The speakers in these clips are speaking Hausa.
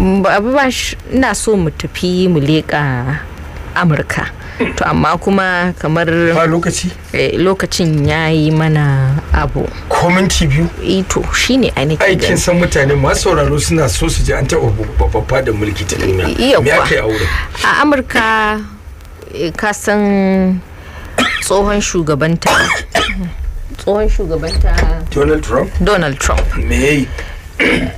abu ba ina so mu tafi mu leƙa amurka to amma kuma kamar ba lokaci eh, lokacin ya yi mana abu ko minti biyu ito e shine a nake aikin san mutane masu sauraro suna so su ji an taɓa babba da mulki ta duniya me aka a wurin a amurka eh, ka san tsohon shugabanta tsohon shugabanta donald trump donald trump me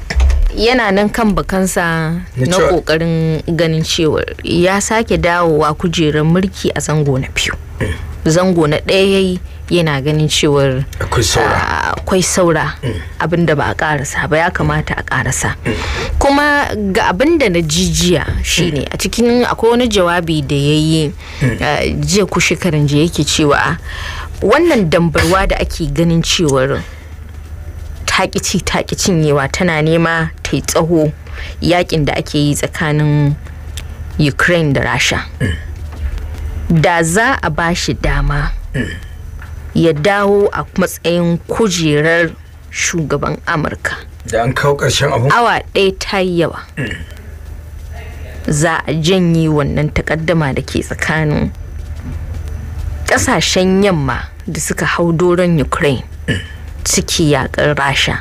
yana nan kan bakansa na kokarin ganin cewar ya sake dawowa kujerar mulki a zango na biyu eh. zango na ɗaya yayi yana ganin cewar akwai saura ah, eh. abin da ba a karasa ba ya kamata a karasa eh. kuma ga abinda da na jijiya shine a cikin akwai wani jawabi da ya yi ah, jiya ku shekaran jiya yake cewa wannan dambarwa da ake ganin cewar takici taƙi cinyewa tana nema ta yi tsaho yakin da ake yi tsakanin ukraine da rasha da za a ba shi dama ya dawo a matsayin kujerar shugaban amurka da an kawo karshen abu awa ɗaya ta yi yawa za a janye wannan takaddama da ke tsakanin ƙasashen yamma da suka hau doron ukraine ciki yakar rasha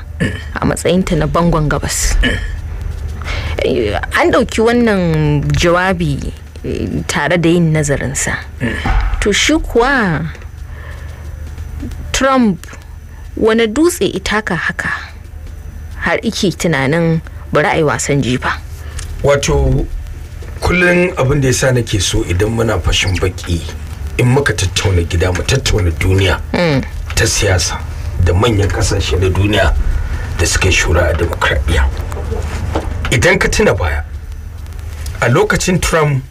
a matsayinta na bangon gabas an ɗauki wannan jawabi eh, tare da yin nazarinsa to shi kuwa trump wani dutse itaka haka har iki tunanin bari a yi wasan jifa wato kullum abin da ya sa nake so idan muna fashin baki in muka tattauna gida mu tattauna duniya hmm. ta siyasa da manyan kasashe na duniya da suke shura a demokradiyya idan ka tuna baya a lokacin trump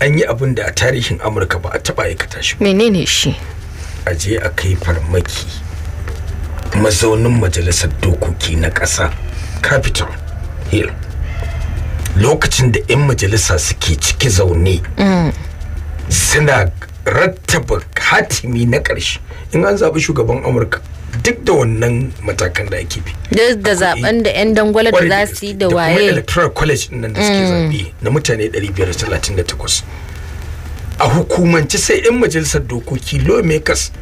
an yi abin da a tarihin amurka ba a taba aikata shi menene shi a je a kai farmaki mazaunin majalisar dokoki na ƙasa capitol hill lokacin da 'yan majalisa suke ciki zaune mm. suna rattaba hatimi na ƙarshe in an zaɓi shugaban amurka duk da wannan matakan da ake bi duk da zaben da yan dangwala da za su yi da waye da kuma electoral college nan da suke mm. zabi na mutane 538 a hukumance sai yan majalisar dokoki lawmakers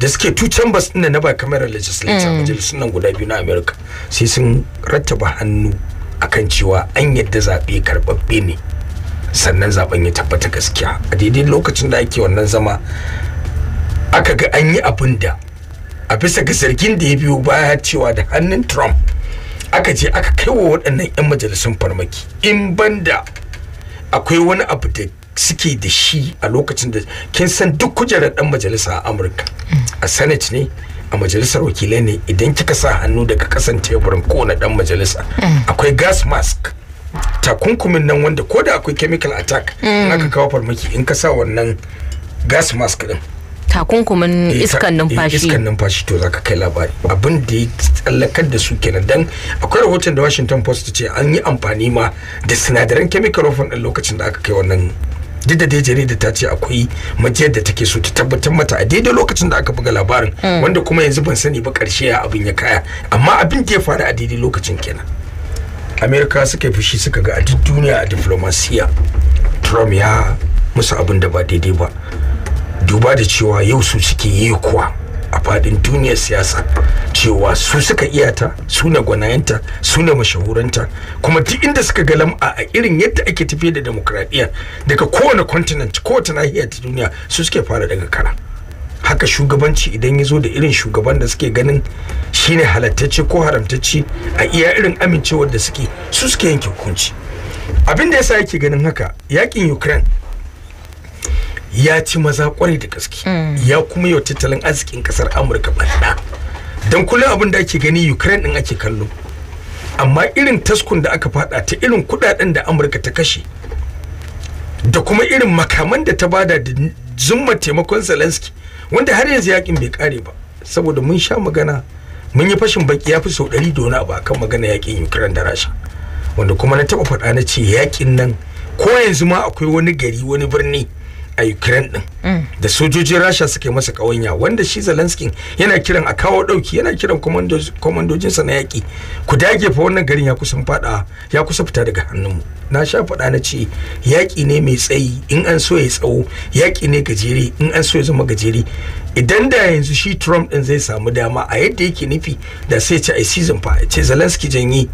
da suke two chambers din na ba kamar legislature mm. majalisun nan guda biyu na America sai sun rattaba hannu akan cewa an yadda zaɓe karbabbe ne sannan zaben ya tabbata gaskiya a daidai lokacin da ake wannan zama aka ga an yi abin da a bisa ga zargin da ya biyo baya cewa da hannun trump aka je aka kaiwa waɗannan 'yan majalisun farmaki in banda akwai wani abu da suke da shi a lokacin da kin san duk kujerar ɗan majalisa a amurka a senate ne a majalisar wakilai ne idan kika sa hannu daga kasan teburin kowane ɗan majalisa akwai gas mask takunkumin nan wanda ko da akwai chemical attack in aka kawo farmaki in ka sa wannan gas mask din takunkumin eh, iskan eh, numfashi iskan numfashi to zaka kai labari abin da ya tsallakar da su kenan dan akwai rahoton da Washington Post ce an yi amfani ma da sinadaran chemical weapon din lokacin da aka kai wannan duk da dai jarida ta ce akwai majiyar da take so ta tabbatar mata a daidai lokacin da aka buga labarin hmm. wanda kuma yanzu ban sani ba karshe ya abin ya kaya amma abin da ya faru a daidai lokacin kenan amerika suka yi fushi suka ga a duk duniya a diplomasiya trump ya musu abin da ba daidai ba duba da cewa yau su suke yi kuwa a fadin duniyar siyasa cewa su suka iyata su ne gwanayenta su ne mashahuranta kuma duk inda suka ga lam'a a irin yadda ake tafiye da demokradiyya daga kowane continent kowace nahiya ta duniya su suke fara daga kara haka shugabanci idan ya zo da irin shugaban da suke ganin shine halattacce ko haramtacce a iya irin amincewar da suke su suke yanke hukunci abin da yasa yake ganin haka yakin ukraine ya ci maza kwarai da gaske mm. ya kuma yau tattalin arzikin kasar amurka da. don kullum abin da ake gani ukraine din ake kallo amma irin taskun da aka fada ta irin kudaden da amurka ta kashe da kuma irin makaman da ta bada da zumma taimakon zelensky wanda har yanzu yakin bai kare ba saboda mun sha magana mun yi fashin baki ya fi sau ɗari wani abu akan magana yakin ukraine da rasha wanda kuma na taɓa faɗa na ce yakin nan ko yanzu ma akwai wani gari wani birni a ukraine din mm. da sojojin rasha suka yi masa kawanya wanda shi zelenskin yana kiran a kawo dauki yana kiran kwamandojinsa na yaƙi ku dage fa wannan garin ya kusan fada ya kusa fita daga hannunmu na sha fada na ce yaƙi ne mai tsayi in an so ya tsawo yaƙi ne gajere in an so ya zama gajere idan da yanzu shi trump din zai samu dama a yadda yake nufi da sai ce a season fa ce zelensky janyi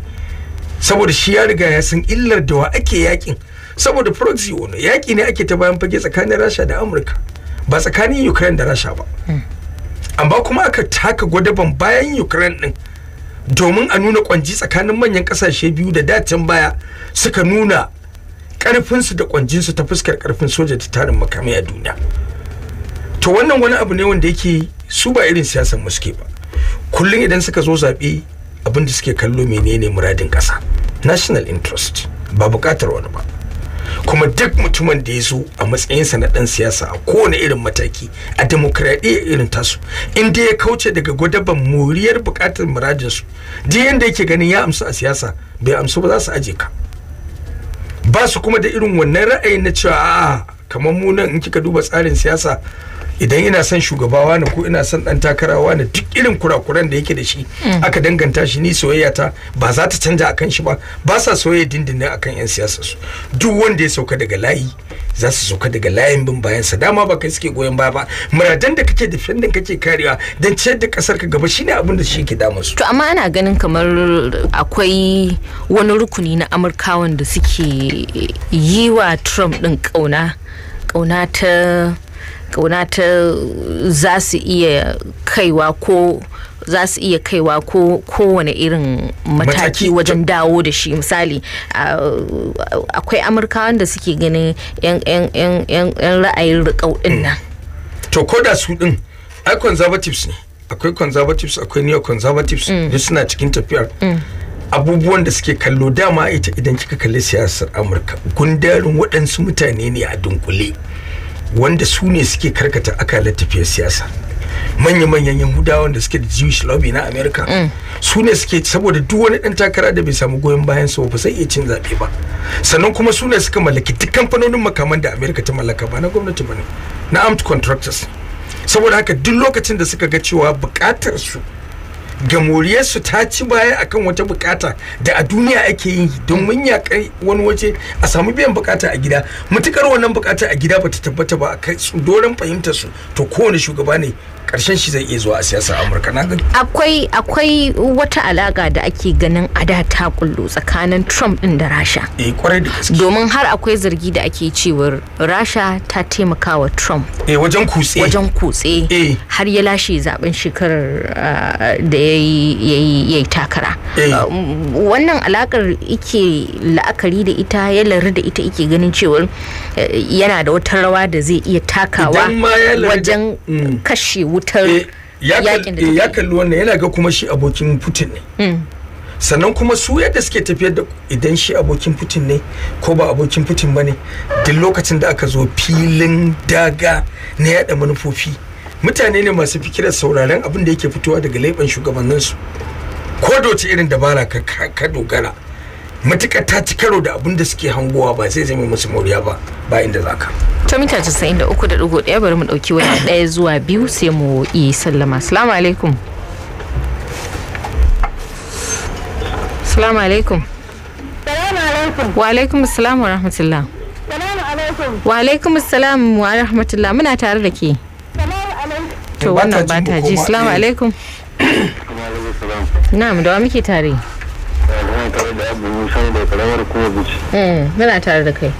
saboda shi ya riga ya san illar da wa ake yakin saboda proxy wani yaƙi ne ake ta bayan fage tsakanin rasha da amurka ba tsakanin ukraine da rasha ba amma kuma aka taka gwadaban bayan ukraine din domin a nuna kwanji tsakanin manyan ƙasashe biyu da dacin baya suka nuna ƙarfinsu da kwanjinsu ta fuskar karfin soja ta tarin makamai a duniya to wannan wani abu ne wanda yake su ba irin siyasar muske ba kullum idan suka zo zaɓe abin da suke kallo menene muradin ƙasa national interest ba buƙatar wani ba kuma duk mutumin da ya zo a matsayinsa na ɗan siyasa a kowane irin mataki a demokradiyya irin tasu inda ya kauce daga gwadaban moriyar buƙatar muradinsu duk yadda yake ganin ya amsu a siyasa bai amsu ba za su aje ka ba su kuma da irin wannan ra'ayin na cewa a'a kamar mu nan in kika duba tsarin siyasa idan ina son shugabawa ne ko ina son dan takarawa ne duk irin kurakuran da yake da shi hmm. aka danganta shi ni soyayya ta ba za ta canja akan shi ba ba sa soyayya dindindin akan yan siyasa su duk wanda ya sauka daga layi za su sauka daga layin bin bayan sa dama ba kai suke goyon baya ba muradan da kake defending kake karewa dan ciyar da kasar ka gaba shine abin da shi ke da su to amma ana ganin kamar akwai wani rukuni na amurkawan da suke yi wa trump din kauna kauna ta kauna ta za su iya kaiwa ko za su iya kaiwa kowane irin mataki wajen dawo da shi misali akwai amurkawan da suke ganin yan ra'ayin rikau din mm. nan to ko da su din ai conservatives ne akwai conservatives akwai neo conservatives ne mm. suna cikin tafiyar mm. abubuwan da suke kallo dama ita idan kika kalli siyasar amurka gundarin waɗansu mutane ne a dunkule wanda su ne suke karkata akalar tafiyar siyasa manya-manyan yahudawan da suke da jewish lobby na america mm. su ne suke saboda duk wani dan takara da bai samu goyon bayan su ba sai iya cin zaɓe ba sannan kuma su ne suka mallaki duk kamfanonin makaman da america ta mallaka ba na gwamnati ba ne na armed contractors saboda haka duk lokacin da suka ga cewa bukatar su gamoriyarsu ta ci baya akan wata bukata da a duniya ake yi don ya kai wani waje a samu biyan bukata a gida mutukar wannan bukata a gida bata tabbata ba a kai doron fahimtar su to kowane shugaba ne karshen shi zai iya zuwa a siyasar amurka na akwai akwai wata alaka da ake ganin a da ta kullu tsakanin trump din da rasha eh, domin har akwai zargi da ake cewar rasha ta taimaka wa trump eh, wajen kutse eh. har ya lashe zaben shekarar ah, da ya yi takara ah, wannan alakar ike la'akari da ita ya lari da ita ike ganin cewar yana da wata rawa da zai iya takawa wajen mm. kashe wutar eh, ya eh, kalli wannan yana ga kuma shi abokin putin ne hmm. sannan kuma su yadda suke tafiyar da idan shi abokin putin ne ko ba abokin putin ba ne duk lokacin da aka zo filin daga na yada manufofi mutane ne masu fikirar sauraren abin da yake fitowa daga laifin shugabanninsu ko doce irin dabara ka dogara matuƙa ta ci karo da abin da suke hangowa ba zai zama musu moriya ba ba inda za ka. to mita 93.1 bari mu dauki wani daya zuwa biyu sai mu yi sallama salamu alaikum salamu alaikum wa alaikum salam wa rahmatullah wa alaikum salam wa rahmatullah muna tare da ke to wannan ba ta ji salamu eh. alaikum Na mu dawa muke tare eh, eh, muna tare da kai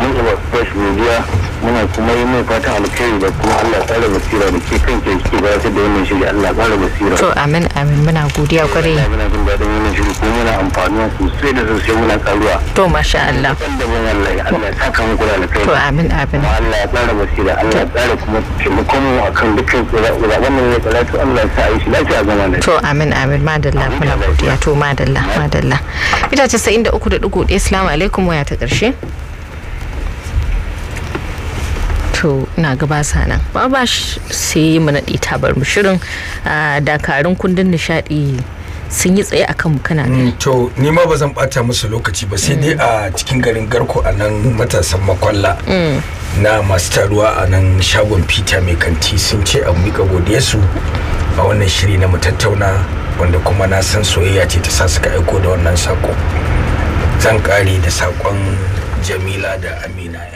mun zama fresh media muna kuma yi mai fata alkhairi da kuma Allah tsara basira da ke kan ke ke bayar da wannan shiri Allah tsara basira to amin amin muna godiya kwarai muna jin daɗin wannan shiri kuma muna amfanuwa sosai da sosai muna karuwa to masha Allah Allah ya saka muku da alkhairi to amin amin Allah ya tsara basira Allah ya tsara kuma taimakon mu akan dukkan zaben nan ya tsara to Allah ya sa a yi shi lafiya zama lafiya to amin amin madalla muna godiya to madalla madalla ita ce 93.1 assalamu alaikum waya ta ƙarshe to na gaba na ba ba sai mu naɗe tabar mu shirin dakarun kundin nishaɗi sun yi tsaye akan kana ne mm, to ni ma ba zan bata musu lokaci ba sai dai a cikin garin garko a nan matasan makwalla mm. na masu taruwa a nan shagon peter mai kanti sun ce a miƙa su a wannan shiri na mu tattauna wanda kuma na san soyayya ce ta sa suka aiko da wannan sako zan kare da saƙon jamila da amina